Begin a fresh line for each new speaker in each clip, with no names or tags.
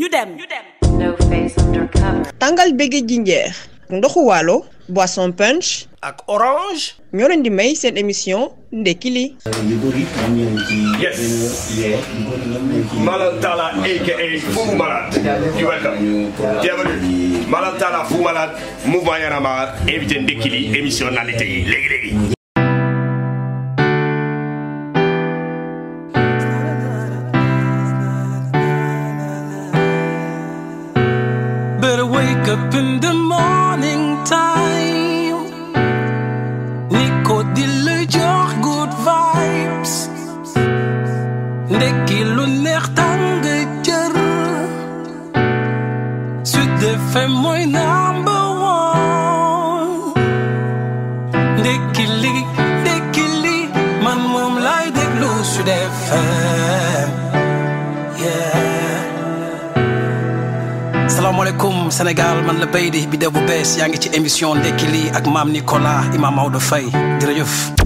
ñu dem. tàngal bége jinjeer ndoxu waalo boisson punch. ak orange. ñoo leen di may seen émission ndekki li.
ñu Fou Malade. mouvement Y en a marre invité ndekki yi léegi léegi.
la bay di bi def bu bees yaa ngi ci émission ndekki
lii ak maam Nicolas Imam Maodo Faye jërëjëf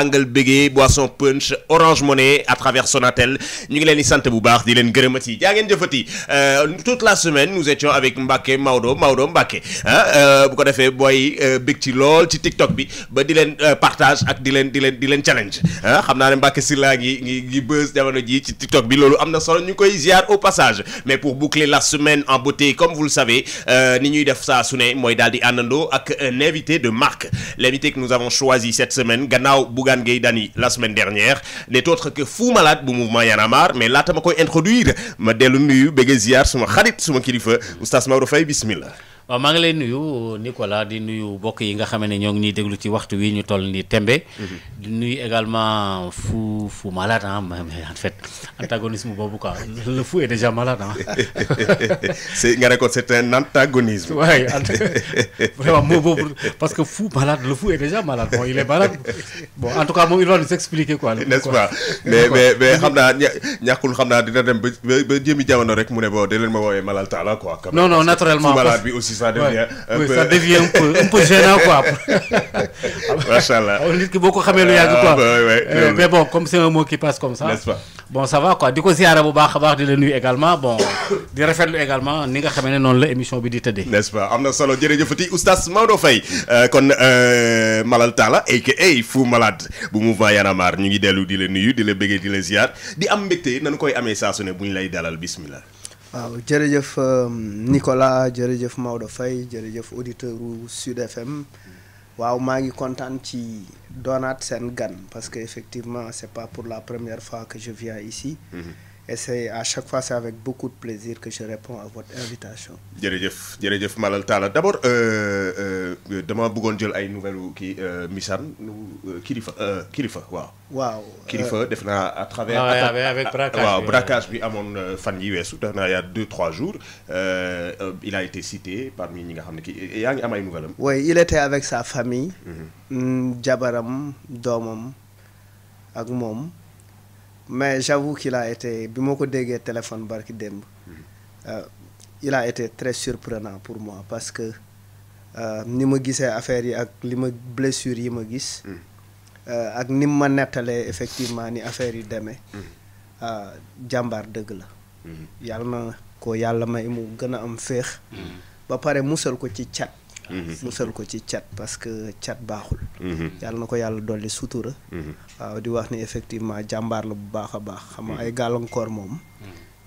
tàngal bégee boisson punch orange monnaie à travers Sonatel ñu ngi leen sant bu baax di leen gërëmati jaa ngeen jëfati euh, toute la semaine nous étions avec Mbacke Maodo Maodo Mbacke ah euh, bu ko defee booy euh, bég ci lool ci TikTok bi ba di leen partage ak di leen di leen di leen challenge ah xam naa ne Mbacke Sylla ngi ngi ngi buzz jamono ji ci TikTok bi loolu am na solo ñu koy ziar au passage mais pour boucler la semaine en beauté comme vous le savez ni ñuy def saa su ne mooy daal di àndandoo ak un invité de Bougane Gueye Dany la semaine dernière n'est autre que Fou Malade bu mouvement Y'en a marre mais laata ma koy introduire ma dellu nuyu bëgg ziar suma xarit suma kilifa oustaz Maodo Faye bismillah
waa maa ngi lay nuyu Nicolas di nuyu bokk yi nga xam ne ñoo ngi ñuy déglu ci waxtu wi ñu toll ni tembe mhm. di nuyu également fu fu malade ah mais en fait antagonisme boobu quoi le fou est déjà malade ah.
c'est nga ne ko c'est un antagonisme. waaye vraiment moo boobu
parce que fou malade le fou est déjà malade bon il est malade bon en tout cas moom il va nous expliquer quoi. n'est-ce pas
mais mais mais xam naa ñàkkul xam naa dina dem ba ba jëmi rek mu ne boo de leen ma woowee malal taala quoi. non non naturellement malade bi aussi. ça
devient. un peu ça devient
un macha allah nit ki
boo ko xamee lu yàgg quoi. Ah, eh, mais bon comme c'est un mot comme ça. n'est-ce di ko ziara bu baax a baax di la nuyu également bon di rafetlu également ni nga xamee ne noonu la émission bi di tëddee.
n'est-ce am na solo jërëjëfati oustaz Maodo Faye euh, kon euh, Malal Talla aka Fou Malade bu mouvement Y'en a marre ñu ngi dellu di la nuyu di la bëggee di la ziar di am mbégte nanu koy amee saa su ne bu ñu lay dalal bismillah.
waaw jërëjëf euh, Nicolas jërëjëf Maodo Faye jërëjëf auditeur u Sud FM waaw maa ngi kontaan ci doonaat seen gan parce que effectivement c'est pas pour la première fois que je viens et c'est à chaque fois c'est avec beaucoup de plaisir que je réponds à votre invitation.
jërëjëf jërëjëf Malal Talla d' abord euh, euh, dama bëggoon jël ay nouvelles kii euh, Missane kilifa kilifa waaw. waaw Kirifa def naa à travers. avec braquage waaw bi amoon fan yi weesu def naa y' deux trois jours il a été cité parmi ñi nga xam ne kii yaa ngi am ay nouvelles am. oui il
était avec sa famille. Mhm. Mm, jabaram doomam ak moom. mais j'avoue qu'il a été bi ma ko déggee téléphone barki démb euh, il a été très surprenant pour moi parce que euh, ni ma gisee affaire yi ak li ma blessure yi ma gis mm. euh, ak ni ma nettalee effectivement ni affaire yi demee mm. jàmbaar dëgg la mm. yàlla na ko yàlla may mu gën a am féex ba pare musal ko ci cat Mm-hmm. musal ko ci cat parce que cat baaxul mm-hmm. yàlla na ko yàlla dolli sutura
mm-hmm.
waaw di wax ni effectivement jàmbaar la bu baax a baax xam ay gàllankoor moom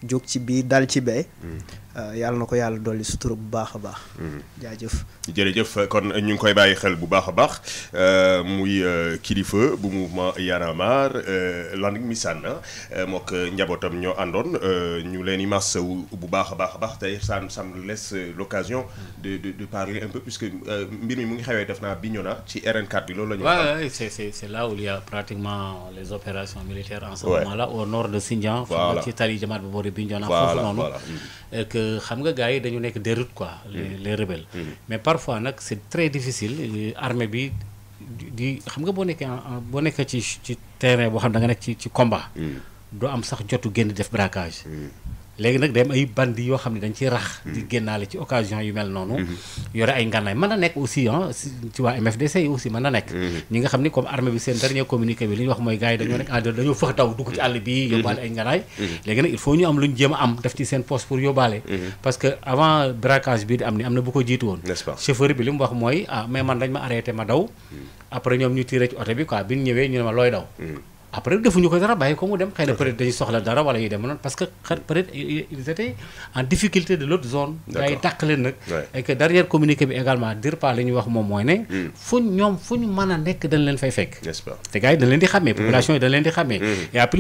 jóg ci bii dal ci bee hmm. euh, yàlla na ko yàlla dool dolli sutura bu baax a baax
hmm. jaajëf jërëjëf kon ñu ngi koy bàyyi xel bu baax a baax euh, muy euh, kilifa bu mouvement Y en a marre Landing Missane ah, mook njabootam ñoo àndoon ñu leen i massawu bu baax a baax a baax tey ça ça les laisse de de de parler un peu puisque mbir mi mu ngi xewee def naa Bignona ci rn bi loolu la ñu waaw
c'est c'est c'est là où il y pratiquement les opérations militaires en ce moment là au nord de Sindian bi Bignona foofu noonu mm. euh, que xam nga gars yi dañu nekk déroute quoi mm. les les rebelles mm. mais parfois nag c'est très difficile euh, armée bi di xam nga boo nekkee boo nekkee ci ci terrain boo xam da nga nekk ci ci combat doo am sax jotu génn def braquage léegi nag dem ay bandi yoo xam ne dañ ciy rax. di hmm. génnaale ci occasion yu mel noonu. Hmm. yore ay ngànnaay mën na nekk aussi ah ci waa MFDC yi aussi mën na nekk. Hmm. ñi nga xam ni comme armée bi seen dernier communiqué wax mooy gars yi dañoo nekk en dañoo fëx daw dugg ci àll bi. yóbbaale ay ngànnaay. léegi nag il faut ñu am lu ñu jéem am def ci seen poste pour yóbbaale. parce que avant braquage bii di am ni am na bu ko jiitu woon. nest chauffeur bi li mu wax mooy ah mais man dañ ma arrêté ma daw. après ñoom ñu tiré ci oto bi quoi bi ñu ñëwee ñu ne ma après defuñu ko dara bàyyi ko mu dem xëy na peut être dañu soxla dara wala yu dem noonu parce que peut être ils étaient en difficulté de l' zone gars yi leen nag moom mooy ne hmm. fu ñoom fu ñu mën a leen fay fekk te gars yi dañ leen di xàmmee hmm. population yi dañ leen di xàmmee hmm. et à euh,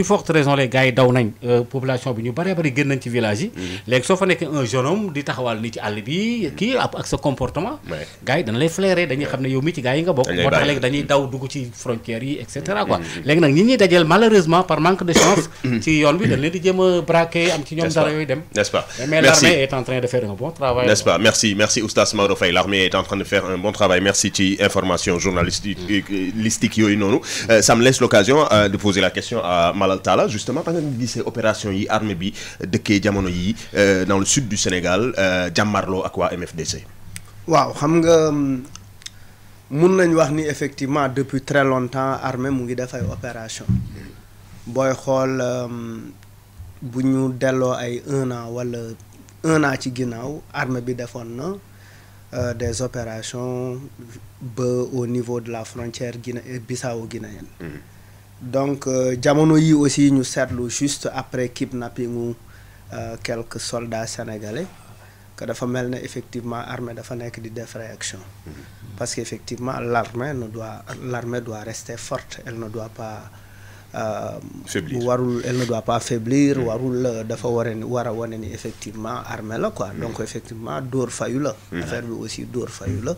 bi ñu bëree bëri génn nañ ci village yi léegi soo fa nekkee un jeune homme di taxawal ni ci àll bi kii ak sa comportement gars yi lay flairer dañuy xam ne yow mi ci gars yi nga bokk moo tax léegi dañuy daw dugg ci frontières yi et cetera quoi léegi nag dajeel malheureusement par manque de chance. Mm. ci yoon bi dañ leen di jéem a braqué am ci ñoom dara yooyu dem.
n'est-ce pas mais l'armée
est en train de faire un bon
travail. n'est-ce pas merci merci oustaz Maodo l'armée est en train de faire un bon travail merci ci information journalistique mm. yooyu noonu euh, ça laisse l'occasion euh, de poser la question à Malal Talla justement ba nga gisee opération yi armée bi dëkkee jamono yi euh, dans le sud du Sénégal jàmmarloo
mun nañ wax ni effectivement depuis très longtemps armée mu ngi defay ay opération booy xool euh, bu ñu delloo ay un an wala un an ci ginnaaw armée bi defoon na euh, des opérations ba au niveau de la frontière Guinée Bissau guinéenne mm-hmm. donc euh, jamono yi aussi ñu seetlu juste après kidnappingu quelques soldats sénégalais que dafa mel ne effectivement armée dafa nekk di def réaction mhm. parce que effectivement l'armée ne doit l'armée doit rester forte elle ne doit pas Euh, warul elle ne doit pas hmm. warul euh, dafa ware ni war a wane ni effectivement armée la quoi hmm. donc effectivement dóor fayu la hmm. affaire bi aussi dóor fayu la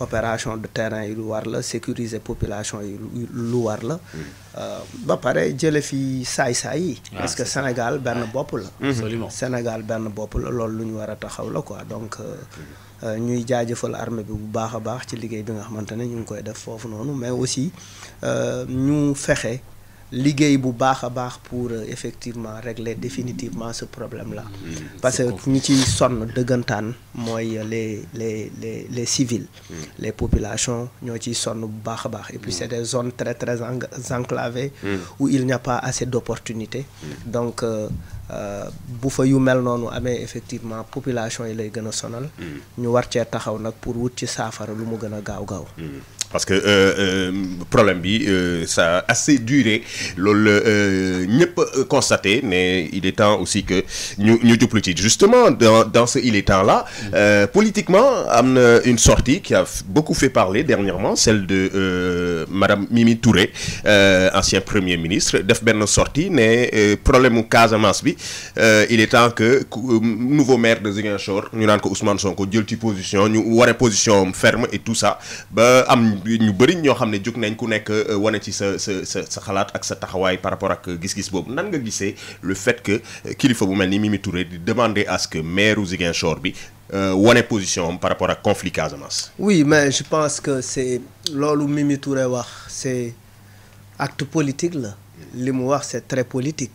opération de terrain yi lu war la sécuriser population yi lu war la euh, ba pare jële fi saay-saay yi ah, parce que Sénégal benn bopp la Sénégal benn bopp la loolu lu ñu war a taxaw la quoi donc ñuy jaajëfal armée bi bu baax a baax ci liggéey bi nga xamante ne ñu ngi koy def foofu noonu mais aussi ñu fexe liggéey bu baax a baax pour euh, effectivement régler définitivement ce problème la mm-hmm. mm-hmm. parce que ñi ciy sonn dëggantaan mooy euh, les les les les civils mm-hmm. les populations ñoo ciy sonn bu baax a baax et puis c'est des zones très très enclavées où il n'y a pas assez d'opportunités donc euh, bu fa yu mel noonu amee effectivement population yi lay gën a sonal ñu war cee taxaw nag pour wut ci saafara lu mu gën a gaaw gaaw
parce que euh, euh problème bi euh, ça a assez duré loolu euh, ñëpp constaté mais il est temps aussi que ñu ñu jublu ci justement dans dans ce il est temps là politiquement am na une sortie qui a beaucoup fait parler dernièrement celle de madame Mimi Touré ancien premier ministre def benn sortie ne problème mu Casamance bi il est temps que nouveau maire de Ziguinchor ñu naan ko Ousmane Sonko jël ci position ñu waree position ferme et tout ça ba ñu bëri ñoo xam ne jóg nañ ku nekk euh, wane ci sa sa sa sa xalaat ak sa taxawaay par rapport ak gis-gis boobu nan nga gisee le fait que euh, kilifa bu mel ni Mimi Touré di demander à ce que maire Ziguinchor bi euh, wane position par rapport ak conflit Casamance.
oui mais je pense que c'est loolu Mimi Touré wax c'est acte politique la. li mu wax c'est très politique.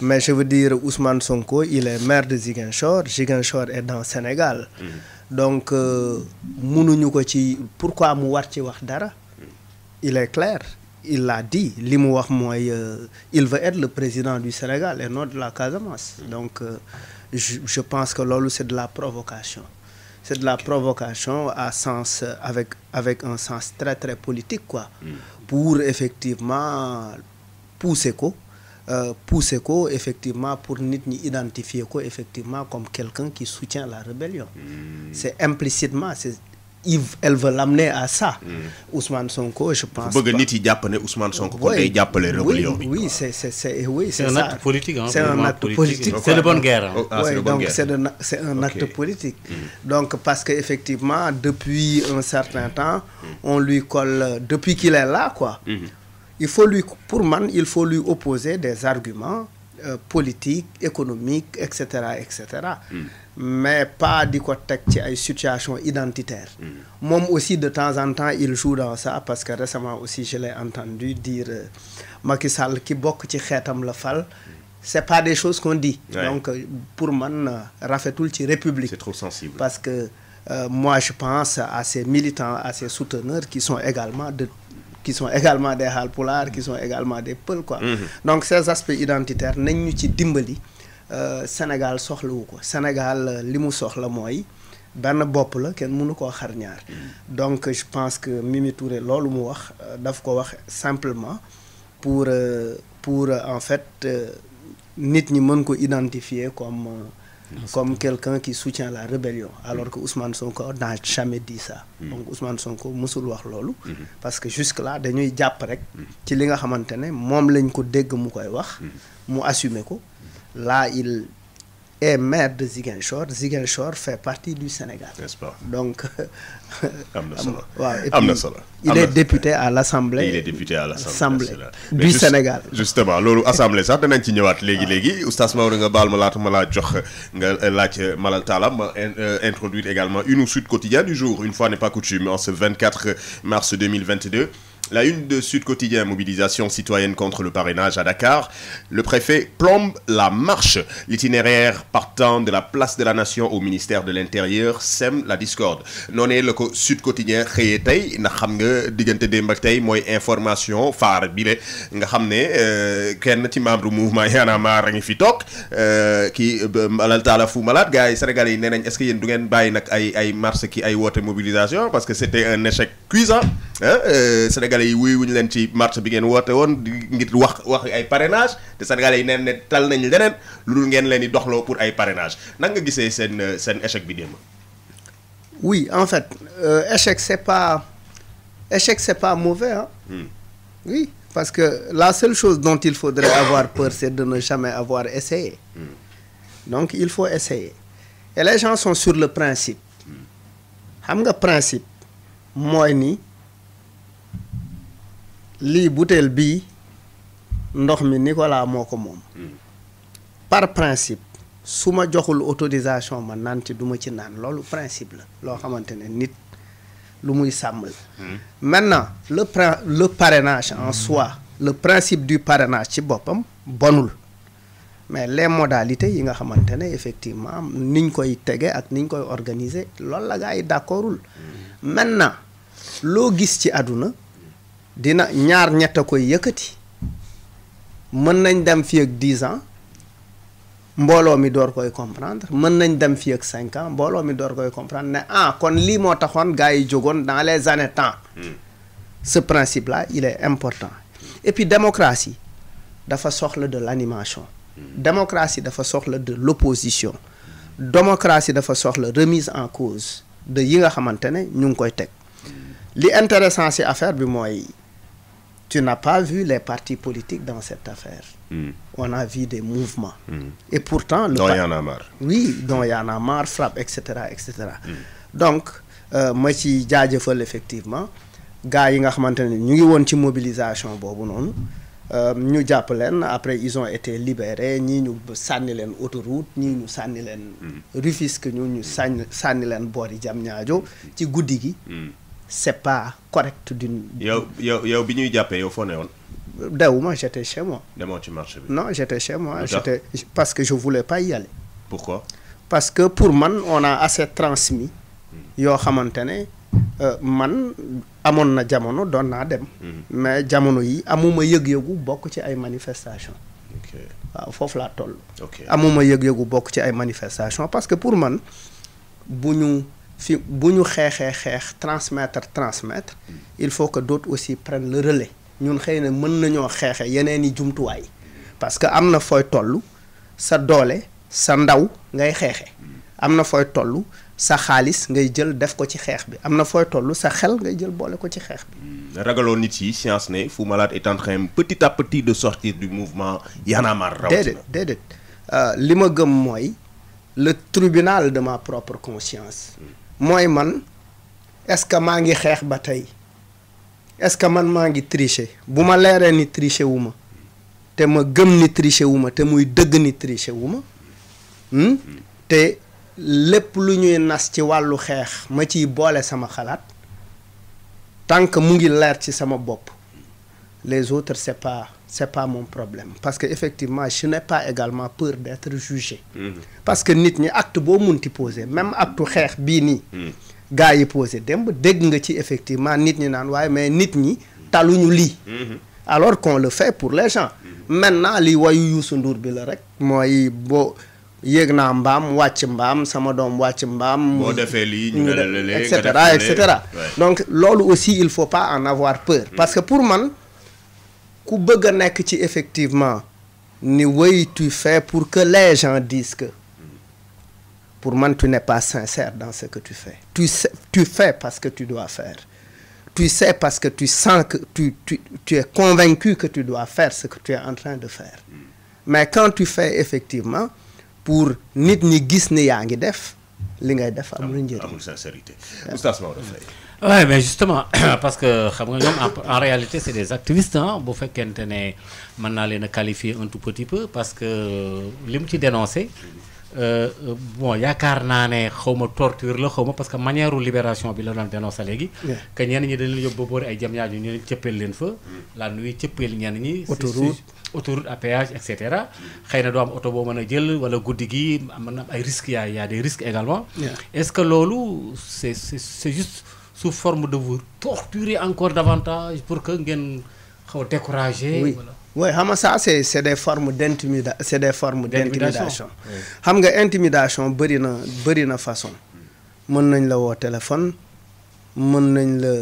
mais je veux dire Ousmane Sonko il est maire de Ziguinchor Ziguinchor est dans Sénégal. Mm-hmm. donc euh, mënuñu ko ci pourquoi mu war ci wax dara il est clair il l'a dit li mu wax mooy euh, il veut être le président du Sénégal et non de la Casamance donc euh, je je pense que loolu c'est de la provocation c'est de la provocation à sens avec avec un sens très très politique quoi hmm. pour effectivement pousser ko Euh, pousser ko effectivement pour nit ñi identifier ko effectivement comme quelqu'un qui soutient la rébellion hmm. c'est implicitement c'est Yves elle veut l'amener à ça. Mm. Ousmane Sonko je pense. bëgg nit yi
jàpp ne Ousmane Sonko. kon day jàppale rébellion
bi. oui c'est c'est un acte politique hein. c'est un acte politique c'est de bonne guerre. ah c'est de bonne c'est un acte politique. Hmm. donc parce que effectivement depuis un certain temps. Hmm. on lui colle depuis qu'il est là quoi. il faut lui pour man il faut lui opposer des arguments euh, politiques économiques et cetera et cetera. Mm. mais pas di ko teg ci ay situation identitaire mm. moom aussi de temps en temps il joue dans ça parce que récemment aussi je l'ai entendu dire euh, Macky Sall ki bokk ci xeetam la fal c'est pas des choses qu'on dit ouais. Euh, pour man euh, rafetul ci république c'est parce que euh, moi je pense à ces militants à ces souteneurs qui sont également de qui sont également des Haalpulaar qui sont également de Pël quoi. Mm-hmm. donc ces aspects identitaires nañ ñu ci dimbali euh, Sénégal soxlawu ko Sénégal euh, li mu soxla mooy benn bopp la kenn mënu koo xarñaar mm-hmm. donc je pense que Mimi Touré loolu mu wax euh, daf ko wax simplement pour pour en fait nit ñi mën ko identifier comme. comme quelqu'un qui soutient la rébellion alors que Ousmane Sonko n'a jamais dit ça mm-hmm. donc Ousmane Sonko mësul wax loolu mm-hmm. parce que jusque là dañuy jàpp rek mm-hmm. ci li nga xamante ne moom lañ ko dégg mu koy wax mu assume ko là il est maire de Ziguinchor Ziguinchor fait partie du Sénégal. n'est-ce donc. Euh, am na solo am na solo il est député à l'Assemblée. il est
député à l'Assemblée du Sénégal. justement loolu assemblée sax danañ ci ñëwaat léegi léegi oustaz Maodo nga baal ma laata ma jox nga euh, laaj euh, Malal Talla ma introduire également une suite quotidienne du jour une fois n'est pas coutume en ce mars La une de Sud Quotidien, mobilisation citoyenne contre le parrainage à Dakar. Le préfet plombe la marche. L'itinéraire partant de la place de la Nation au ministère de l'Intérieur sème la discorde. noonee la ko Sud Quotidien xëyee tey ndax xam nga diggante de ak tey mooy information phare bi le nga xam ne euh, kenn ci membre mouvement Y'en a marre a ngi fi toog euh, kii euh, Malal Talla Fou Malade gars yi sénégalais yi nee nañ est-ce que yéen du ngeen bàyyi nag ay ay marche ki ay woote mobilisation parce que c'était un échec cuisant sénégalais wuy wuyu wuñu leen ci marche bi ngeen woote woon ngir wax wax ay parrainage te sénégalais yi neen ne tal nañ leneen lu dul ngeen leen di doxloo pour ay parrainage nan nga gisee seen euh, seen échec bi démb.
oui en fait euh, échec c'est pas échec c'est pas mauvais hmm. oui parce que la seule chose dont il faut faudrait avoir peur c'est de ne jamais avoir essayé. Hmm. donc il faut essayer et les gens sont sur le principe. Hmm. xam nga principe mooy ni. lii butéel bii ndox mi nikola moo ko moom hmm. par principe su ma joxul autorisation ma naan ci du ma ci naan loolu principe la loo xamante ne nit lu muy sàmm la hmm. maintenant le le parrainage en hmm. soi le principe du parrainage ci boppam bonul mais les modalité yi nga xamante ne effectivement niñ koy tege ak niñ koy organiser loolu la gaa yi d'accordul maintenant loo gis ci àdduna dina ñaar ñett a koy yëkkati mën nañ dem fii ak dix ans mbooloo mi door koy comprendre mën nañ dem fii ak cinq ans mbooloo mi door koy comprendre ne ah kon lii moo taxoon gars yi jógoon dans les années temps hmm. ce principe là il est important et puis démocratie dafa soxla de l'animation hmm. démocratie dafa soxla de l'opposition démocratie dafa soxla remise en cause de yi nga xamante ne ñu ngi koy teg hmm. li intéressant ci affaire bi mooy tu n'as pas vu les partis politiques dans cette affaire. Mm. On a vu des mouvements.
Mm.
Et pourtant... Le dont il y en a marre.
Oui, dont etc. etc. Hmm. donc euh, ma ci jaajëfal effectivement gars yi nga xamante ne ñu ngi woon ci mobilisation boobu noonu euh, ñu jàpp leen après ils ont été libérés ñii ñu sànni leen autoroute ñii ñu sànni leen hmm. Rufisque ñu ñu sànni sànni leen boori ñaajo ci guddi gi hmm. c'est pas correct d'une. yow
yow yow bi ñuy jàppee yow foo ne woon. dawuma j'étais chez demoo ci marché bi.
non j'étais chez moi. parce que je voulais pas y aller. pourquoi. parce que pour man on a assez transmis. Hmm. yoo xamante ne euh, man amoon na jamono doon naa dem. Hmm. mais jamono yi amuma yëg-yëgu bokk ci ay manifestations. waaw foofu laa toll. amuma yëg-yëgu bokk ci ay manifestation parce que pour man bu ñu. fi bu ñu xeexee xeex transmettre transmettre mm. il faut que d'autres aussi prennent le relais ñun xëy na mën nañoo xeexe yeneen i jumtuwaay parce que am na fooy toll sa doole sa ndaw ngay xeexe mm. am na fooy toll sa xaalis ngay jël def ko ci xeex bi am na fooy toll sa xel ngay jël boole ko ci xeex bi.
Mm. ragaloo nit yi science ne Fou malaat est en train petit à petit de sortir du mouvement Y'en a marre. déedéet déedéet euh,
li ma gëm mooy le tribunal de ma propre conscience. mooy man est-ce que maa ngi xeex ba tey est-ce que man maa ngi tricher bu ma leeree ni tricher wu ma te ma gëm ni tricher wu ma te muy dëgg ni wu ma hmm? te lépp lu ñuy nas ci wàllu xeex ma ciy boole sama xalaat tant que mu ngi leer ci sama bopp les autres et pas c'est pas mon problème parce que effectivement je n'ai pas également peur d'être jugé mhm. parce que nit ñi acte boo munti posé même acte xeex bii nii mhm. gars yi posé démb dégg nga ci effectivement nit ñi naan waaye mais nit ñi taluñu lii mhm. alors qu'on le fait pour les gens maintenant li wayu Youssou Ndour bi la rek mooy bo yéeg naa mbaam wàcc mbaam sama doom wàcc mbaam. boo defee
lii ñu ne la et cetera et
donc loolu aussi il faut pas en avoir peur parce que ku bëgg a nekk ci effectivement ni oui tu fais pour que les gens disent que pour man tu ne pas sincère dans ce que tu fais tu sais, tu fais parce que tu dois faire tu sais parce que tu sens que tu tu tu es convaincu que tu dois fair ce que tu es en train de faire mais quand tu fais effectivement pour nit ñi gis ni yaa ngi def li ngay def am lu amul sincérité
oustaz Maodo Faye
oui mais justement parce que xam nga ñoom en réalité c'est des activistes ah bu fekkente ne mën naa leen a qualifier un tout petit peu parce que euh, li mu ci dénoncé euh, bon yaakaar naa ne xaw ma torture la xaw ma parce que manière libération bi la doon dénoncé léegi. que ñenn ñi dañu leen yóbbu boori ay jam ñaaju ñu cëppeel leen fa. la nuy cëppeel ñenn ñi. autoroute autoroute à péage et na doo am oto boo mën a jël wala guddi gi mën na am ay risques y a y a des risques également. sous forme de vous torturer encore davantage pour que ngeen xaw a décourager.
oui xam nga ça c' est c' est des formes de intimida c' des formes d' intimidation. xam nga intimidation bëri na bëri na façon. mën nañ la woo téléphone mën nañ la.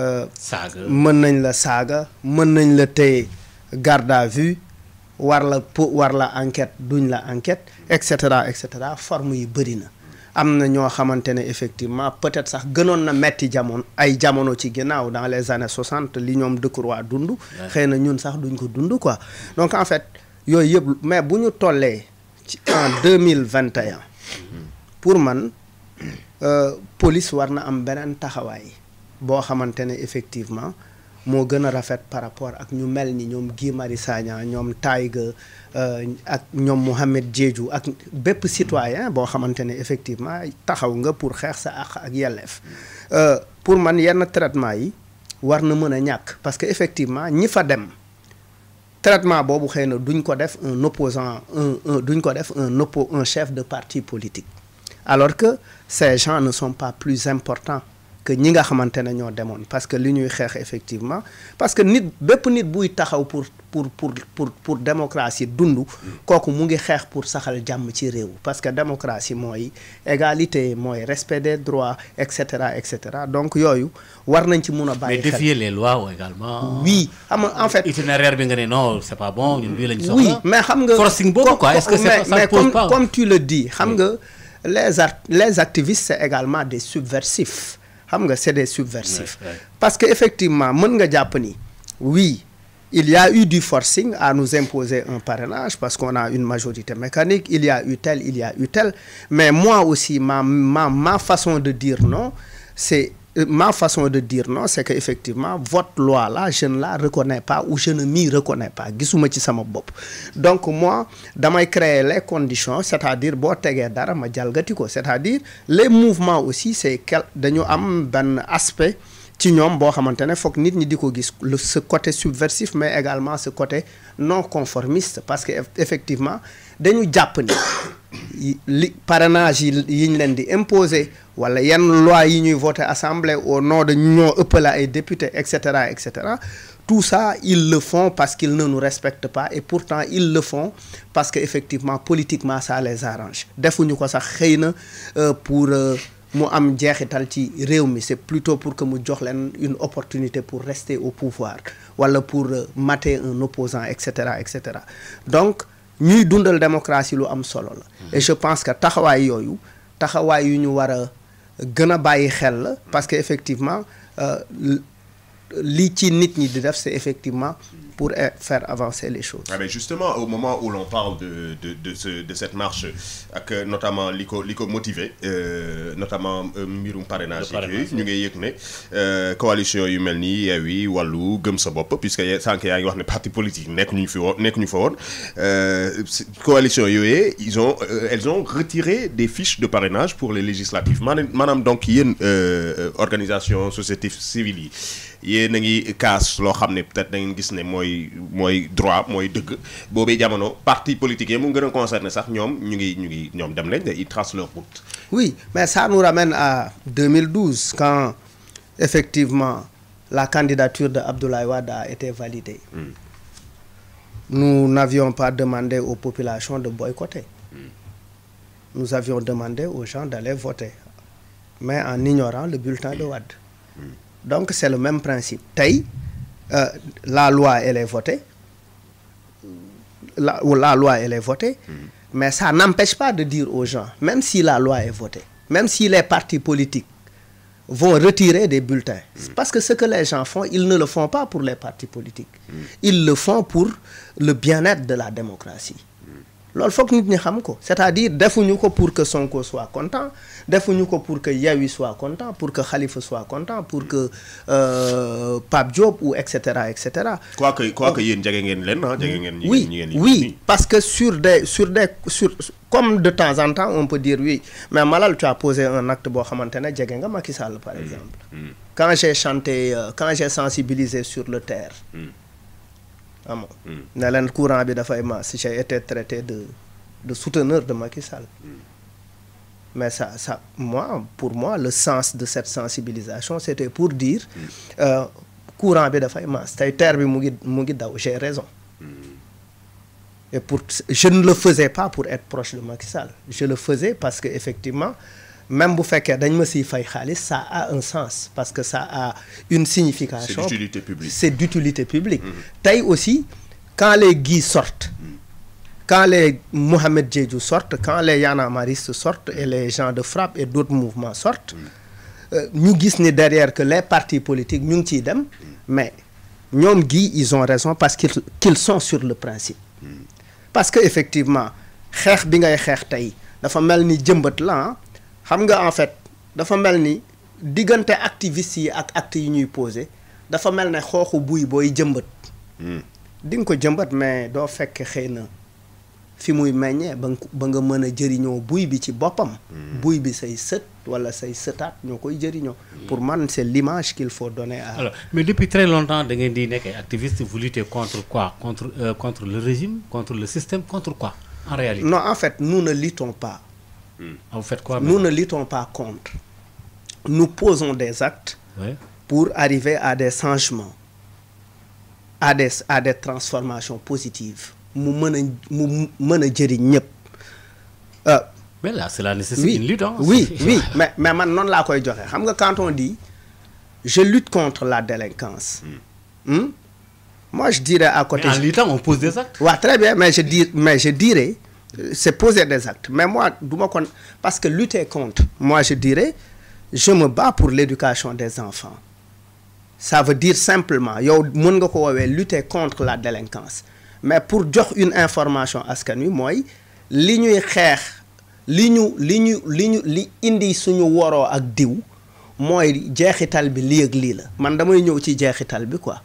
Euh, saaga mën nañ la saaga mën nañ la téye garde à vue war la po war la enquête duñ la enquête et cetera et cetera forme yi bëri na. am na ñoo xamante ne effectivement peut-être sax gënoon na metti jamono ay jamono ci ginnaaw dans les années soixante li ñoom Decroix dund. xëy na ñun sax duñ ko dund quoi. donc en fait yooyu yëpp mais bu ñu tollee ci en deux mille vingt et pour man euh, police war na am beneen taxawaay boo xamante ne effectivement. moo gën a rafet par rapport ak ñu mel ni ñoom Guy Marius Sagna ñoom Taïga euh, ak ñoom Mouhamed Diédhiou ak bépp citoyen boo xamante ne effectivement taxaw nga pour xeex sa àq ak yelleef euh, pour man yenn traitement yi war na mën a ñàkk parce que effectivement ñi fa dem traitement boobu xëy na duñ ko def un opposant un duñ ko def un oppo un chef de parti politique alors que ces gens ne sont pas plus important que ñi nga xamante ne ñoo demoon parce que li ñuy xeex effectivement parce que nit bépp nit buy taxaw pour pour pour pour pour démocratie dund kooku mu ngi xeex pour saxal jàmm ci réew parce que démocratie mooy égalité mooy respect des droit et cetera et cetera donc yooyu war nañ ci mun a bàyyi xel mais défier
les lois en fait itinéraire nga ne non c'est bon ñun bii lañ mais xam nga forcing boobu quoi est-ce que ça pose pas
comme tu le dis xam nga les art les activistes c'est également des subversifs xam nga c'est des subversifs parce que effectivement mën nga jàpp ni oui il y a eu du forcing à nous imposer un parrainage parce qu'on a une majorité mécanique il y a eu il y a eu mais moi aussi ma ma ma façon de dire non c'est Euh, ma façon de dire non c'est que effectivement votre loi là jeune la reconnais pas ou je ne m'y reconnais pas gisuma ci sama bopp donc moi damay créer les conditions c'est-à-dire boo tegee dara ma jalgati ko c'est-à-dire les mouvements aussi c'est quel dañu am benn aspect ci ñoom boo xamante ne foog nit ñi di ko gis ce côté subversif mais également ce côté non conformiste parce que effectivement dañu jàpp ni li parrainage yi yiñ leen di imposer wala yan loi yi ñuy voter assemblée au nom de ñoo ëppale ay députés et cetera et cetera tout ça ils le font parce qu'ils ne nous respectent pas et pourtant ils le font parce que effectivement politiquement ça les arrange defuñu ko sax xëy na euh, pour euh, mu am jeexital ci réew mi c'est plutôt pour que mu jox leen une opportunité pour rester au pouvoir wala pour euh, mater un opposant et cetera et cetera donc ñuy dundal démocratie lu am solo la. Hmm. et je pense que taxawaay yooyu taxawaay yu ñu war a gën a bàyyi xel la parce que effectivement euh, li ci nit ñi di def c'est effectivement pour e-, faire avancer les choses.
Ah ben justement au moment où l'on parle de de de ce de cette marche ak notamment li ko li ko motiver euh, notamment euh, mbirum parrainage yi ñu ngi yëg ne euh, coalition yu mel ni Yewwi Wallu Gëm Sa Bopp puisque sànq yaa ngi wax ne parti politique nekk ñu fi woon nekk ñu fa woon euh, coalition yooyee ils ont elles ont retiré des fiches de parrainage pour les législatives maanaam donc yéen organisation société civile yi yée a ngi kaas loo xam ne peut-être da ngeen gis ne mooy mooy droit mooy dëgg boobu jamono parti politique yi mu gën a concerné sax ñoom ñu ngi ñu ngi ñoom dem nañ de ils tracent leur route.
oui mais ça nous ramène à 2012 quand effectivement la candidature de Abdoulaye Wade a été validée. Mm. Nous n'avions pas demandé aux populations de boycotter. côté hmm. Nous avions demandé aux gens d'aller voter, mais en ignorant le bulletin de Wade. donc c'est le même principe tey euh, la loi elle est votée la la loi elle est votée. Mmh. mais ça n'empêche pas de dire aux gens même si la loi est votée même si les partis politiques vont retirer des bulletins. Mmh. parce que ce que les gens font ils ne le font pas pour les partis politiques. Mm-hmm. ils le font pour le bien-être de la démocratie. loolu foog nit ñi xam ko c'est-à-dire defuñu ko pour que Sonko soit content defuñu ko pour que Yewwi soit content pour que Khalifa soit content pour que euh, Pape Diop ou et cetera et cetera.
quoi que quoi jege ngeen leen ah jege ngeen. oui
oui parce que sur des sur des sur comme de temps en temps on peut dire oui mais Malal tu as posé un acte boo xamante ne jege nga Macky Sall par mm, exemple. Mm. quand j'ai chanté euh, sensibiliser sur le terre. Mm. ama hmm. ne leen courant bi dafay masse j'ai été traité de de souteneur de Macky Sall hmm. mais ça ça moi pour moi le sens de cette sensibilisation c'était pour dire hmm. euh, courant bi dafay masse tey terre bi mu ngi mu ngi daw j'ai raison et pour je ne le faisais pas pour être proche de Macky Sall je le faisais parce que effectivement même bu fekkee dañ ma si fay xaalis ça a un sens parce que ça a une signification. c'est d'utilité publique c'est d'utilité publique. Mm-hmm. tey aussi quand les Guy sortent. Mm. quand les Mohamed Diédhiou sortent quand les Y'en a marristes et les gens de FRAPP et d'autres mouvements sortent. Mm. Euh, ñu gis ni derrière que les partis politiques ñu ngi ciy dem. Mm. mais ñoom gi ils ont raison parce qu'ils qu'ils sont sur le principe. parce que effectivement xeex bi ngay xeex tey dafa mel ni jëmbat la xam nga en fait dafa mel ni diggante activistes yi ak actes yi ñuy posé dafa mel ne xooxu buy booy jëmbat. Hmm. di nga ko jëmbat mais doo fekk xëy na fi muy meññee ba ba nga mën a jëriñoo buy bi ci boppam. Hmm. buy bi say sët wala say sëtaat ñoo koy jëriñoo. Hmm. pour man c'est l'image qu'il faut donner à.
alors mais depuis très longtemps da ngeen di nekk ay activistes vous luttez contre quoi contre euh, le régime contre le système contre quoi en réalité. non
en fait nous ne luttons pas.
Ah, vous quoi Nous ne
luttons pas contre. Nous posons des actes ouais. pour arriver à des changements, à des, à des transformations positives. Nous menons euh, mais là, cela nécessite oui, une lutte. Hein, oui, oui, mais, mais maintenant, là, quand on dit je lutte contre la délinquance, mm. Hmm? moi je dirais à côté. Mais en luttant, on pose des actes. Oui, très bien, mais je, dis, c'est poser des actes mais moi du ma kon parce que lutter contre moi je dirais je me bats pour l'éducation des enfants ça veut dire simplement yow mën nga ko woowee lutte contre la délinquance mais pour jox une information askan wi mooy li ñuy xeex li ñu li ñu li ñu li indi suñu woroo ak diw mooy jeexital bi lii ak lii la man damay ñëw ci jeexital bi quoi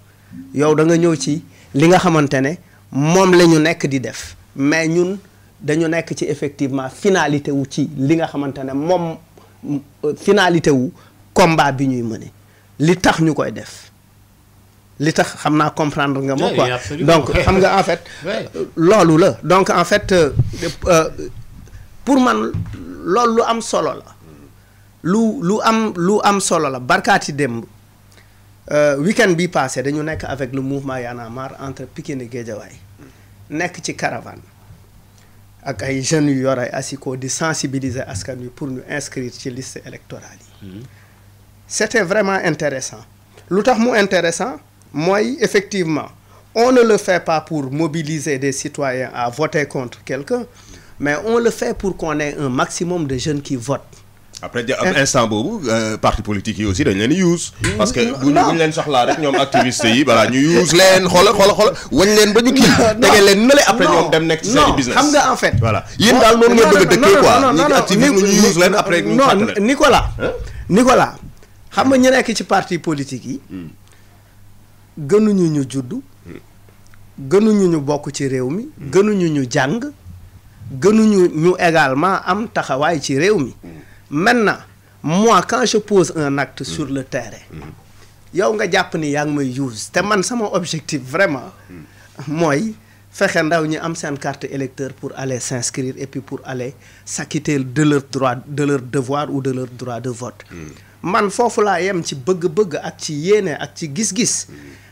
yow da nga ñëw ci li nga xamante ne moom la ñu nekk di def mais ñun dañu nekk ci effectivement finalité wu ci li nga xamante ne moom euh, finalité wu combat bi ñuy mëne li tax ñu koy def li tax xam naa comprendre nga ma quoi donc xam nga en fait loolu la donc en fait euh, euh, pour man loolu lu am solo la lu lu am lu am solo la barkaati démb week-end bi passé dañu nekk avec le mouvement Y en a marre entre Pikine Guédiawaye nekk ci caravane ak ay jeunes yu yor ay asiko di sensibiliser askan wi pour ñu inscrire ci liste électorale yi. Hmm. c'était vraiment intéressant lu tax mu intéressant mooy effectivement on ne le fait pas pour mobiliser des citoyens à voter contre quelqu'un mais
on le fait pour qu'on ait un maximum de jeunes qui votent. après instant boobu euh, parti politique yi aussi dañ leen use parce que bu ñu leen soxlaa rek ñoom activiste yi balaa ñu use leen xoola xoola xoola wañ leen ba ñu kii tege leen nale après ñoom dem nekk ci seen business xam nga en fait voilà yéen daal noonu a dëkkee quoi
xam nga ñu nekk ci parti politique yi hmm. gënuñu ñu judd hmm. gënuñu ñu bokk ci réew mi hmm. gënuñu ñu jàng gënuñu ñu également am taxawaay ci réew mi maintenant mois quand je pose un act mm. sur le mm. terrain yow nga jàpp ni yaa ngi may use te man sama objectif vraiment mm. mooy fexe ndaw ñi am seen carte électeur pour aller s'inscrire et puis pour aller s'acquitter de leur droit de leur devoir ou de leur droit de vote man foofu laa yem ci bëgg-bëgg ak ci yéene ak ci gis-gis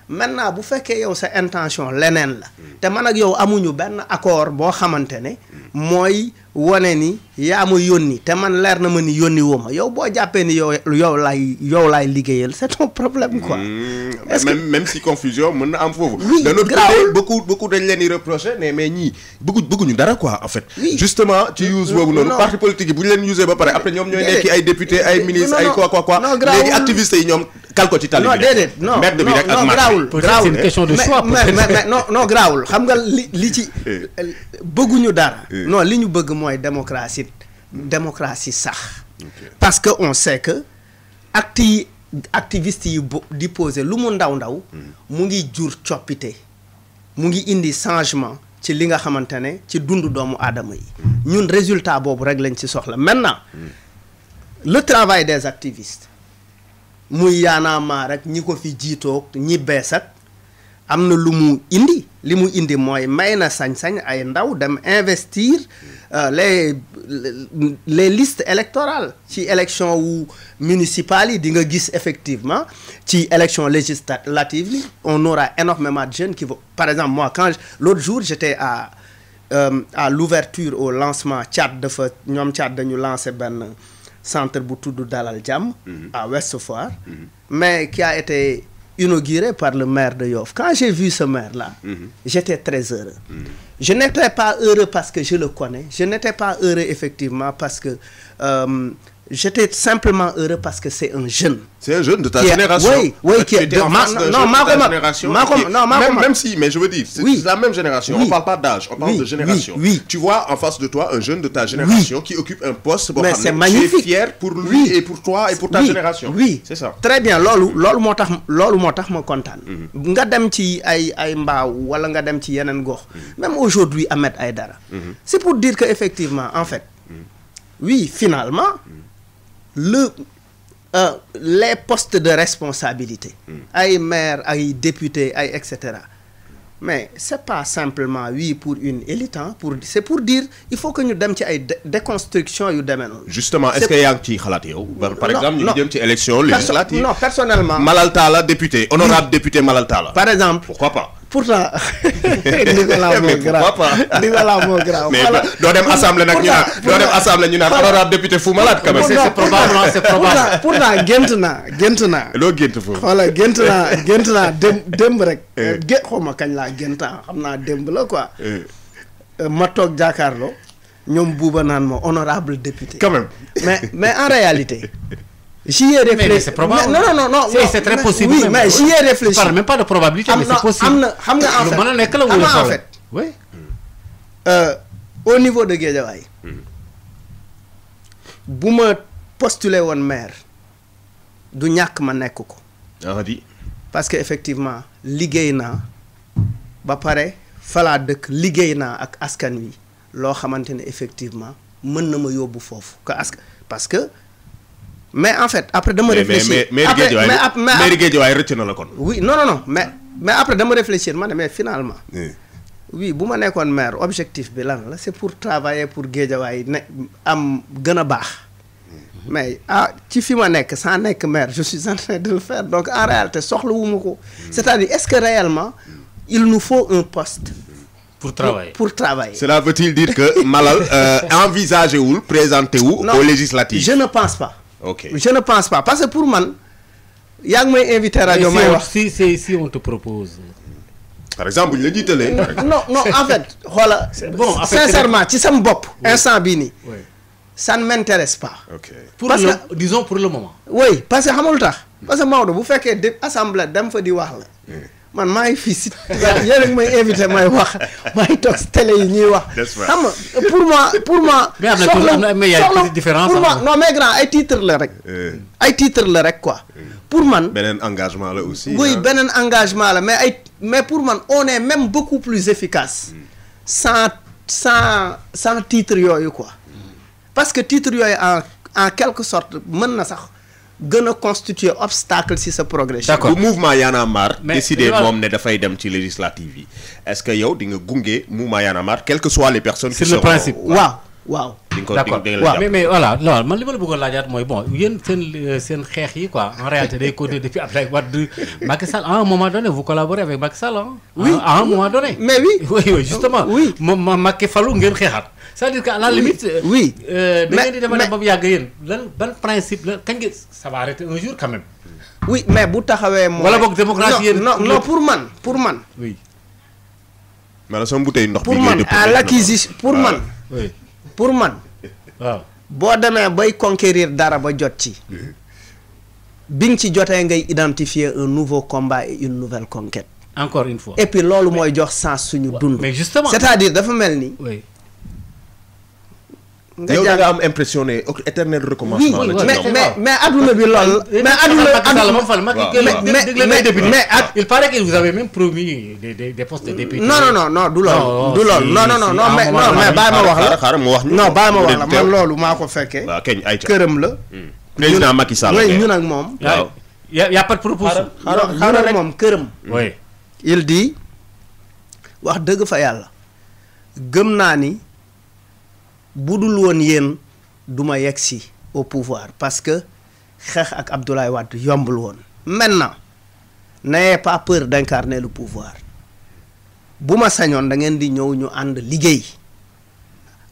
maintenant bu fekkee yow sa intention leneen la te man ak yow amuñu benn accord boo xamante ne mooy wane ni yaa ma yónni te man leer na ma ni yónni woo ma yow boo jàppee ni yow yow
laay yow laay liggéeyal c'est ton problème quoi. Hmm, est-ce que même même si confusion mën na am foofu. oui de l'autre côté beaucoup beaucoup dañ leen di mais ñii bëggu bëgguñu dara quoi en fait. justement ci euh, use boobu euh, noonu. parti politique yi bu ñu leen usee ba pare après ñoom ñooy nekk ay député ay ministre ay quoi quoi quoi. léegi activistes yi ñoom
xam nga li li ci eh. bëgguñu dara. Eh. non li ñu bëgg mooy démocratie démocratie sax parce que on sait que acte yi activiste yi lu mu ndaw ndaw hmm. mu ngi jur coppite mu ngi indi changement ci li nga xamante ne ci dundu doomu aadama yi hmm. ñun résultat boobu rek lañ ci soxla maintenant
hmm.
le travail des activistes muy yaanaamaa rek ñi ko fi jiitoog ñi bees ak am na lu mu indi li mu indi mooy may na sañ-sañ ay ndaw dem investir euh, les les listes électorales ci élection wu municipale yi di nga gis effectivement ci élection législative yi on aura énormément de jeunes qui vont par exemple moi quand l'autre jour j'étais à euh, à l'ouverture au lancement Tchad dafa ñoom Tchad dañu lancer benn centre bu tudd Dalal Jàmm mm-hmm. à Ouest Foire mm-hmm. mais qui a été inauguré par le maire de Yoff. Quand j'ai vu ce maire-là, mm -hmm. j'étais très heureux. Mm -hmm. Je n'étais pas heureux parce que je le connais. Je n'étais pas heureux effectivement parce que euh, j'étais simplement heureux parce que c'est un
jeune. C'est un jeune de ta qui génération. A, oui, oui, qui est de, en ma, de non, ma, si, mais je veux dire, c'est la même génération. on parle pas d'âge, on oui, Tu vois en face de toi un jeune de ta génération qui occupe un poste. pour lui et pour toi et pour ta génération.
Oui, Très bien, lolu lolu mo tax lolu ma contane. Mhm. Nga dem ci ay ay mbaaw wala nga dem ci yenen gox. Mhm. Même aujourd'hui Ahmed Aïdara. Mhm. C'est pour dire que effectivement en fait. Oui, finalement. Mm -hmm. le euh, les postes de responsabilité. Hmm. ay maire ay député ay et cetera. mais c'est pas simplement oui pour une élite hein, pour c'est pour dire il faut que ñu dem ci ay déconstruction yu demee noonu. justement est-ce que yaa
ngi ciy xalaat yow. par exemple ñu jëm ci élection. législative non
personnellement. Malal
Talla député honorable député Malal Talla. par exemple pourquoi pas. pourtant Nicolas moo grave Nicolas moo grave mais doo dem assemblée nag ñu naan ñu naan honorable député Fou Malade quand même c'est probablement c'est probable pourtant gént naa gént naa loo gént foofu voilà gént naa
gént naa démb rek eh. euh, gé xaw ma kañ laa géntaa ah, xam naa démb la quoi eh. euh, ma toog jàkkaarloo ñoom buuba naan ma honorable député quand mais mais en réalité j'y ai réfléchi non non non c'est très possible oui mais j'y ai réfléchi parle même pas de probabilité mais c'est na xam nga en fait lu mën a nekk la wala en fait oui niveau de Guédiawaye bu ma postuler woon maire du ñàkk ma nekk ko parce que effectivement liggéey naa ba pare falaa dëkk liggéey naa ak askan wi loo xamante ne effectivement mën na ma yóbbu foofu que askan parce mais en fait après dama. réfléchir mais mais Guédiawaye rëcc na la kon. oui non mais mais après dama réfléchir ma ne mais finalement. oui bu ma nekkoon maire objectif bi lan la c'est pour travailler pour Guédiawaye ne am gën a baax. Mm-hmm. mais ah ci fi ma nekk san nekk maire je suis en de le faire donc en réalité soxlawuma ko. Mm-hmm. c'est-à-dire est-ce que réellement il nous faut un poste. Mm-hmm.
pour travailler pour travailler. cela veut-il dire que Malal euh, envisagé wul présenter wu. au législatif je ne pense pas. ok
ne pense pas parce que pour
man yaa
ngi mooy invité rajo may wax
si si si
par exemple bu la jiitalee. non non en fait. xoola sincèrement
ci sam bopp. instant bii nii. ça ne m'intéresse pas.
ok pour parce que
disons pour le moment. oui parce que xamul tax. parce que Maodo bu fekkee de assemblée dem fa di wax la. man maa ngi fii si yéen a ngi may invité may wax maa ngi toog si télé yi ñuy wax. xam nga pour moi pour moi. soxla am na pour moi non mais grand ay titre la rek. Eh. ay titre la
rek quoi. pour man beneen engagement la aussi. oui
beneen engagement la mais ay mais pour man on est même beaucoup plus efficace. sans sans sans titre yooyu quoi. parce que titre yooyu en en quelque sort mën na sax. gën a constituer obstacle si sa progression. d'accord bu mouvement
Y'en a marre. mais décidé moom ne dafay dem ci législative yi est-ce yow di nga gunge mouvement Y'en a marre quelles que soient les personnes. qui seront waaw waaw d'accord waaw mais
mais voilà non man li ma la bëggoon laajaat mooy bon yéen seen euh, seen xeex yi quoi en réalité day continuer depuis Abdoulaye Wade Macky Sall à un moment donné vous collaborez avec Macky Sall ah oui à mais oui justement oui moom Macky falu ngeen xeexaat c'est-à-dire que à la limite euh, oui euh, da di dema ba mu yàgg yéen lan ban principe la kañ ngeen ça va arrêter un jour quand même oui mais bu taxawee mooy wala boog démocratie yéen non non pour man pour man
oui maanaam sama bouteille ndox bi pour pour ah.
pour man. waaw ah. boo demee bay conquérir dara ba jot ci. bi nga ci jotee ngay identifier un nouveau combat et une nouvelle conquête. encore une fois et loolu mooy jox sens suñu dund. mais justement cest à dafa mel ni.
nga yow da nga am impressionné éternel recommencement la ci mais mais mais adduna bi lool. mais adduna adduna mais
il paraît que vous avez même promis des des des postes de député. non non non non du lool. du lool ma wax la man
loolu maa ko fekkee. këram la.
Hmm. président ñun ak moom. waaw y'a y'a xaaral moom këram. Hmm.
il dit wax dëgg fa yàlla gëm naa ni. bu dul woon yéen du ma yegg si au pouvoir parce que xeex ak Abdoulaye Wade yombul woon. na n'ayez pas peur d'incarner le pouvoir bu ma sañoon da ngeen di ñëw ñu ànd liggéey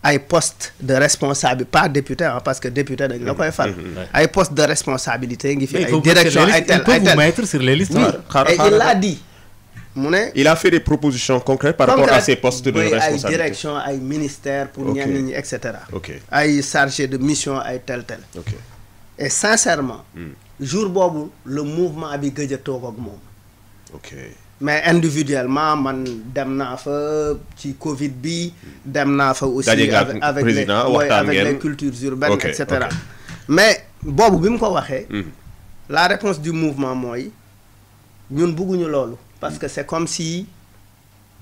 ay poste de responsable pas député ah parce que député dañ la koy fal. Mm-hmm. Mm-hmm. ay poste de responsabilité ngi fi. ay direction ay tel
ay tel mais il faut vous mettre mu ne il a fait des propositions concrètes par rapport à ces postes de responsabilité ay direction
ministère pour ñenn ñi et cetera ay chargé de mission ay tel tel et sincèrement hmm. jour boobu le mouvement bi gëj a toog ak
moom
mais individuellement man dem naa fa ci Covid bi dem naa fa aussi avec avec les avec les cultures urbaines et cetera mais boobu bi mu ko waxee hmm. la réponse du mouvement mooy ñun bugguñu loolu parce mm. que c'est comme si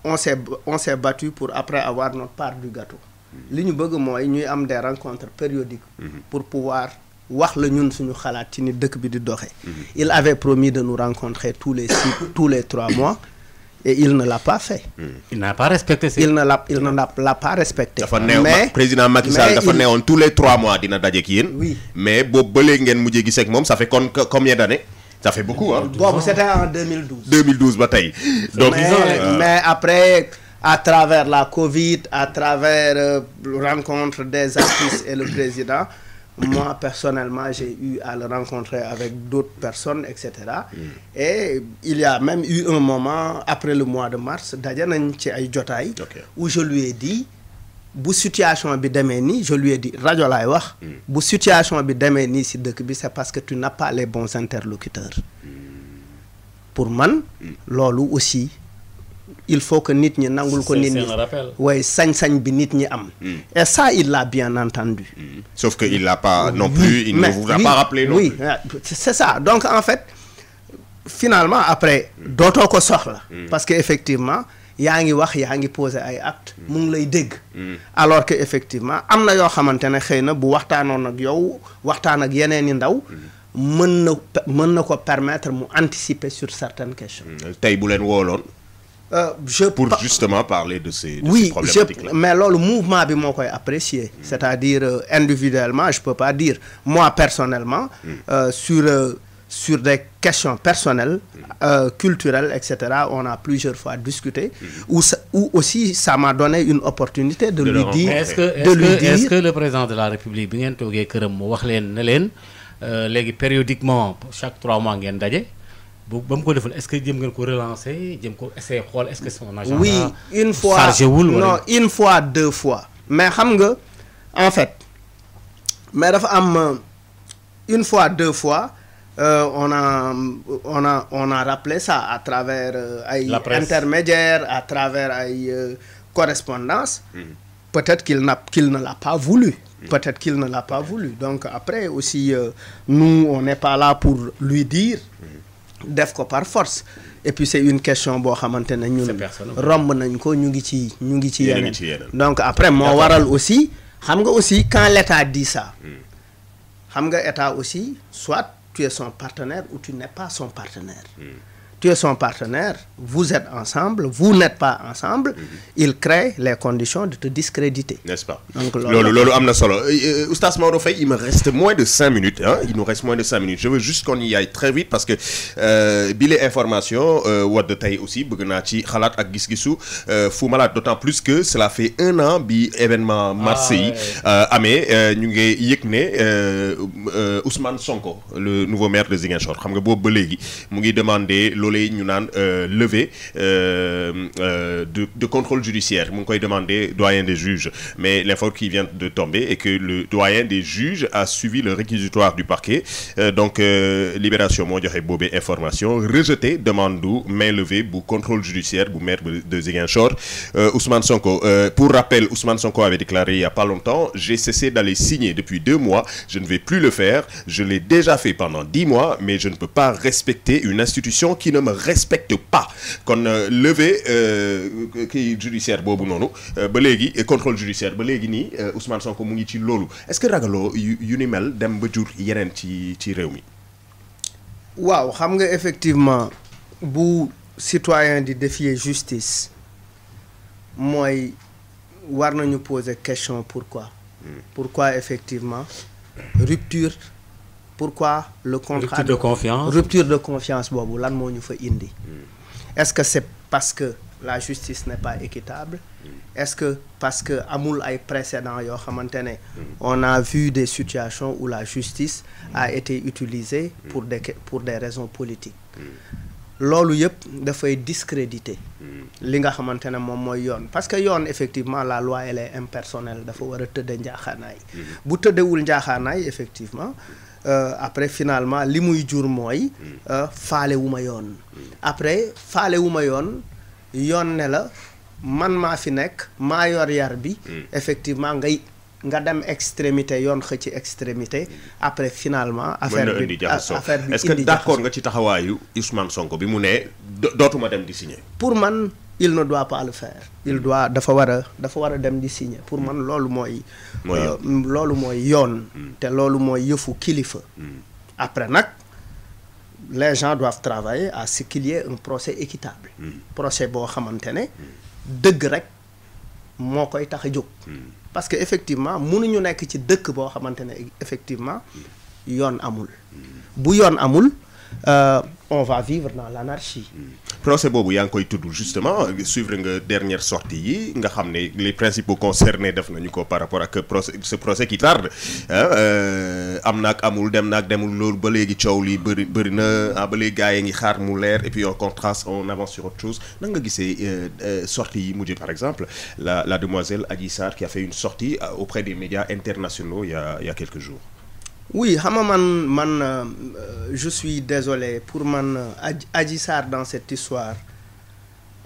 on s'est on s'est battu pour après avoir notre part du gâteau. Mm. li ñu bëgg mooy ñuy am de rencontre périodiques. Mm-hmm. pour pouvoir wax la ñun suñu xalaat ci ni dëkk bi di doxee. Mm-hmm. il avait promis de nous rencontrer tous les six les trois mois. et il ne l'a pas fait. Mm. il n'a pas respecté. il ne l'a il ne l'a pas respecté. dafa neew président Macky Sall dafa
neewoon tous les trois mois dina daje ak yéen. oui mais boobu ba ngeen mujjee gis ak moom sa fait kon combien d'années. ça fait beaucoup hein. boobu
c'était en 2012.
2012 ba tey. donc mais, euh,
mais après à travers la Covid à travers euh, rencontre des artistes et le président moi personnellement j'ai eu à le rencontrer avec d'autres personnes et cetera. Mm. et il y a même eu un moment après le mois de mars daje nañ ci ay jotaay. où je lui ai dit. bu situation bi demee nii je lui ai dit rajo laay wax. Hmm. bu situation bi demee nii si dëkk bi c' parce que tu n'as pas les bons interlocuteurs. Hmm. pour man. Hmm. loolu aussi il faut que nit ñi nangul ko. nit ñi way sañ-sañ bi nit ñi am. et ça il l'a bien entendu.
sauf que il l'a pas non plus. il ne vous a pas rappelé
non plus. Ah, c'est ça donc en fait finalement après dootoo ko soxla. parce que effectivement. yaa ngi wax yaa ngi posé ay acte mm. mu ngi lay dégg. Mm. alors que effectivement am na yoo xamante ne xëy na bu waxtaanoon ak yow waxtaan ak yeneen i ndaw. Mm. mën na mën na ko permettre mu anticiper sur certaines questions.
tey bu leen wooloon. Euh, je pour justement parler de
mais loolu mouvement bi moo koy apprécier. c'est-à-dire euh, individuellement je peux pas dire moi personnellement. Euh, sur. sur des questions personnelles, mm-hmm. euh, culturelles, etc. On a plusieurs fois discuté, mm-hmm. ou ou aussi ça m'a donné une opportunité de, de lui Est-ce que, est-ce, que, dire... est-ce que
le président de la République bi ngeen toogee këram mu wax leen ne leen euh, léegi périodiquement chaque trois mois ngeen daje. bu ba mu ko defal est-ce que jëm ngeen ko relancer jëm ko essayer xool est-ce que son agenda oui une fois chargé wul non
une fois deux fois. mais xam nga en fait mais dafa am euh, une fois deux fois. Euh, on a on a on a rappelé ça à travers euh, ay euh, intermédiaires à travers ay euh, correspondance mm -hmm. peut-être qu'il n'a qu'il ne l'a pas voulu mm -hmm. peut-être qu'il ne l'a pas mm donc après aussi euh, nous on n'est pas là pour lui dire mhm. def ko par force et puis c'est une question boo xamante ne ñun romb nañ ko ñu ngi ci ñu ngi ci yeneen donc après moo waral aussi xam nga aussi quand l'État dit ça mhm. xam nga État aussi soit tu es son partenaire ou tu n'es pas son partenaire. Mm. tu es son partenaire, vous êtes ensemble, vous n'êtes pas ensemble, mhm. il crée les conditions de te discréditer. N'est-ce pas Donc, Lolo, Lolo,
amna solo. Euh, euh, Oustas Mauro il me reste moins de 5 minutes. Hein? Il nous reste moins de 5 minutes. Je veux juste qu'on y aille très vite parce que euh, billet information, euh, what de taille aussi, Bugnachi, Khalat ak Gisgisou, euh, Fou Malade, d'autant plus que cela fait un an, bi événement ah Marseille, ah, ouais. euh, Amé, nous euh, yekne, euh, euh, Ousmane Sonko, le nouveau maire de loolee ñu naan euh, levée euh, euh, de de contrôle judiciaire mu ngi koy demander doyen des juges mais l'info qui vient de tomber est que le doyen des juges a suivi le réquisitoire du parquet donc libération moo joxe boobee information rejeté demande du mainlevée bu contrôle judiciaire bu maire de Ziguinchor Ousmane Sonko pour rappel Ousmane Sonko avait déclaré il y a pas longtemps j'ai cessé d'aller signer depuis deux mois je ne vais plus le faire je l'ai déjà fait pendant dix mois mais je ne peux pas me respecte pas kon euh, levé euh, kii judiciaire boobu noonu euh, ba léegi contrôle judiciaire ba léegi nii soo ko mu ngi ci loolu est-ce que ragaloo yu ni mel dem ba jur yeneen ci ci réew mi.
waaw xam nga effectivement bu citoyen di défier justice mooy war nañu poser question pourquoi. Hmm. pourquoi effectivement rupture. pourquoi le contrat rupture de confiance de confiance boobu lan moo ñu fa indi. est-ce que c'est parce que la justice ne pas équitable. est-ce que parce que amul ay précédents yoo xamante ne. on a vu des situation où la justice a été utilisée pour des pour des raisons politiques. loolu yëpp dafay discréditer. li nga xamante ne moom mooy yoon parce que yoon effectivement la loi elle est dafa war a tëdd njaaxaanaay. Mm-hmm. bu tëddewul njaaxaanaay effectivement. Euh, après finalement li muy jur mooy mm. euh, faale wu ma yoon mm. après faale ma yoon yoon ne la man maa fi nekk maa yor yar bi mm. effectivement ngay nga dem extrémité yoon xëcc extrémité après finalement. affaire bi affaire bi est-ce que
d'accord nga ci taxawaayu Ousmane Sonko bi mu ne dootuma dem di signer
pour man. il ne doit pas le faire il doit dafa war a dafa war a dem di signer pour man loolu mooy euh, loolu mooy yoon hmm. te loolu mooy yëfu kilifa hmm. après nag les gens doivent travailler à ce qu'il y un procès équitable hmm. procès boo xamante ne dëgg rek moo koy tax a jóg parce que effectivement ñu nekk ci dëkk boo xamante ne effectivement yoon amul bu yoon amul Euh, on va vivre dans l'anarchie hmm.
procès boobu yaa ngi koy tudd justement suivre nga dernière sortie yi nga xam ne les principaux concernés def nañu ko par rapport ak procès ce procès qui tarde euh, am naag amul dem ak demul loolu ba léegi coow li bëri bëri na ah, ba léegi gars yi ngi xaar mu leer et puis on contraste on avance sur autre chose nan nga gisee euh, sortie yi mujj par exemple la la demoiselle Adji Sarr qui a fait une sortie auprès des médias internationaux il y a il y
oui xam nga man man euh, je suis désolé pour man euh, Adji Sarr dans cette histoire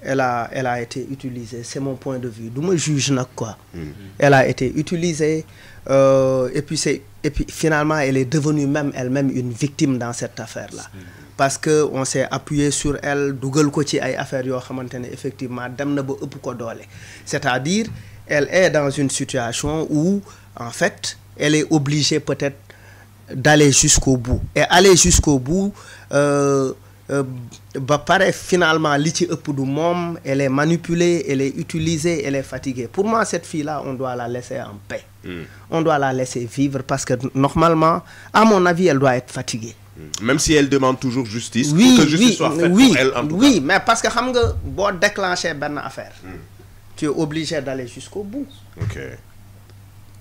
elle a elle a été utilisée c'est mon point de vue du ma juge nag quoi. Mm-hmm. elle a été utilisée euh, et puis c'est et puis finalement elle est devenue même elle-même une victime dans cette affaire la mm-hmm. parce que on s'est appuyé sur elle dugal ko ci ay affaires yoo xamante ne effectivement dem na ba ëpp ko doole c'est-à-dire elle est dans une situation où en fait elle est obligée peut-être. d'aller jusqu'au bout et aller jusqu'au bout euh, euh, ba pare finalement li ci ëpp du moom elle est manipulée elle est utilisée elle est fatiguée pour moi cette fille là on doit la laisser en paix mm. on doit la laisser vivre parce que normalement à mon avis elle doit être fatiguée
hmm. même si elle demande toujours justice oui, pour que oui,
mais parce que xam nga boo déclenché benn affaire mm. tu es obligé d'aller jusqu'au bout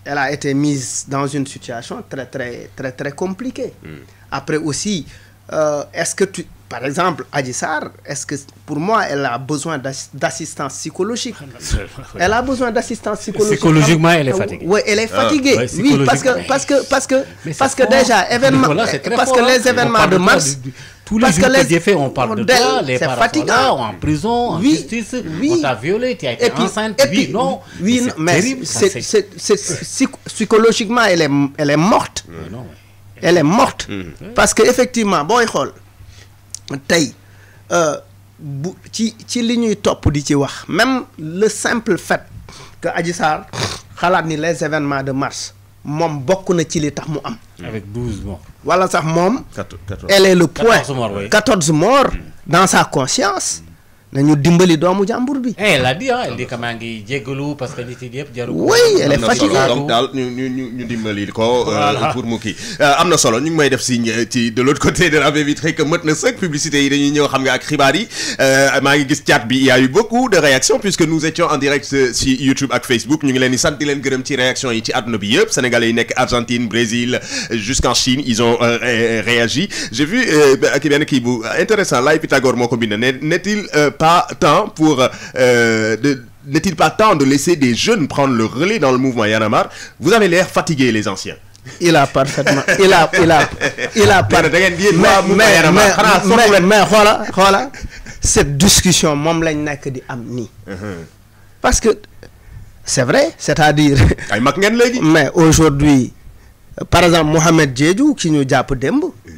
elle a été mise dans une situation très, très, très, très compliquée. Mm. Après aussi, euh, est-ce que tu, par exemple, Adji Sarr, est-ce pour moi, elle a besoin d'assistance psychologique Elle a besoin d'assistance psychologique. Psychologiquement, elle est ah, fatiguée. Ah, oui, parce que parce que parce que parce que déjà événement, voilà, parce fort, que les événements de mars de, de,
tous les parce jours que, les, que fait, on parle de toi, et
psychologiquement, elle est, morte. Mm. Parce que effectivement, bon, il tey euh, bu ci ci li ñuy topp di ci wax même le simple fait que Adji Sarr xalaat ni les événements de mars moom bokk na ci li tax mu am.
Mm. avec douze morts.
wala sax moom.
elle est le point
quatorze morts mm. dans sa conscience. nañu dimbali doomu jàmbur
bi. elle eh, a dit ah elle dit que maa ngi jégalu parce que nit yi yëpp jarul. oui elle est fatiguée donc daal
ñu ñu dimbali ko. Euh, pour mu kii euh, am na solo ñu ngi may def si euh, de l' autre côté de la baie vitrée que mët na sëkk publicité yi dañuy xam nga ak xibaar maa ngi gis chat bi il a eu beaucoup de réactions puisque nous étions en direct si YouTube ak Facebook ñu ngi leen di sant di leen gërëm ci réaction yi ci àdduna bi yëpp sénégalais yi nekk kii bu intéressant laay Pythagore pas temps pour euh, euh, de n'est-il pas temps de laisser des jeunes prendre le relais dans le mouvement Y'en a vous avez l'air fatigués les anciens
il a parfaitement il a il a il par mais mais mais xoola xoola cette discussion moom lañ nekk di am nii uh-huh. parce que c'est vrai c'est-à-dire ay mag ngeen léegi mais aujourd'hui par exemple Mohamed Diédhiou ki ñu jàpp démb eh.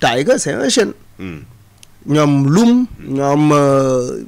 Taïga c'est un jeune hmm. ñoom lum ñoom euh,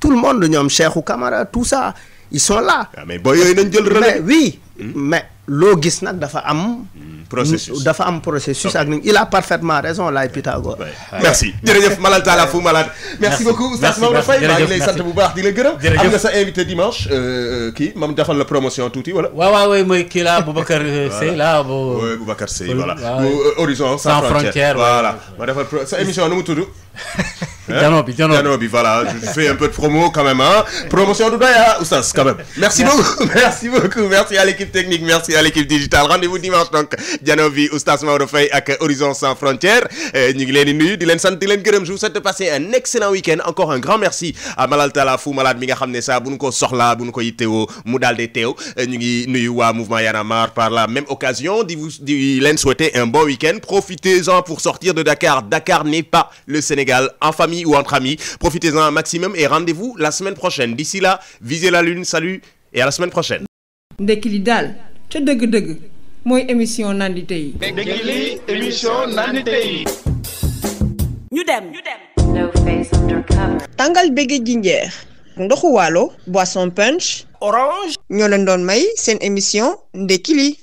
tout le monde ñoom Cheikhou Camara tout ça ils sont là. waaw ah, mais booy yooyu nañ jël relais. mais oui hmm. mais. loo gis nag dafa am. Hmm, processus dafa am processus ak ni il a parfaitement raison laay Pythagore.
merci jërëjëf Malal Talla Fou Malade.
merci beaucoup Oustaz Maodo Faye maa ngi lay bu baax di la gërëm. am nga sa
invité dimanche. Euh, ki moom defal la promotion tuuti wala.
waaw mooy kii la Boubacar
euh, Seye la bu. Boubacar Seye voilà. Euh, horizon sans frontière voilà ma defal sa émission nu mu tudd. jano bi jano bi voilà je fais un peu de promo quand même ah promotion Doudaya oustaz quand même merci, beaucoup merci à l'équipe technique merci à l'équipe digitale rendez-vous dimanche donc jano bi oustaz Horizon sans frontières euh, ñu ngi leen di nuyu di leen sant di leen gërëm je vous souhaite de passer un excellent week encore un grand merci à Malal Talla Fou Malade mi nga xam ne saa bu ñu ko soxla bu ñu ko yittewoo mu daal di teew euh, ñu ngi nuyu waa mouvement Y'en a marre par la même occasion di vous di leen famille ou entre amis. Profitez-en maximum et rendez la semaine prochaine. D'ici là, visez la lune, salut et à la semaine prochaine.
ndekki li daal ca dëgg-dëgg mooy émission nandite yi. tàngal bége jinjeer ndoxu waalo boisson punch orange ñoo leen doon may seen émission ndekki li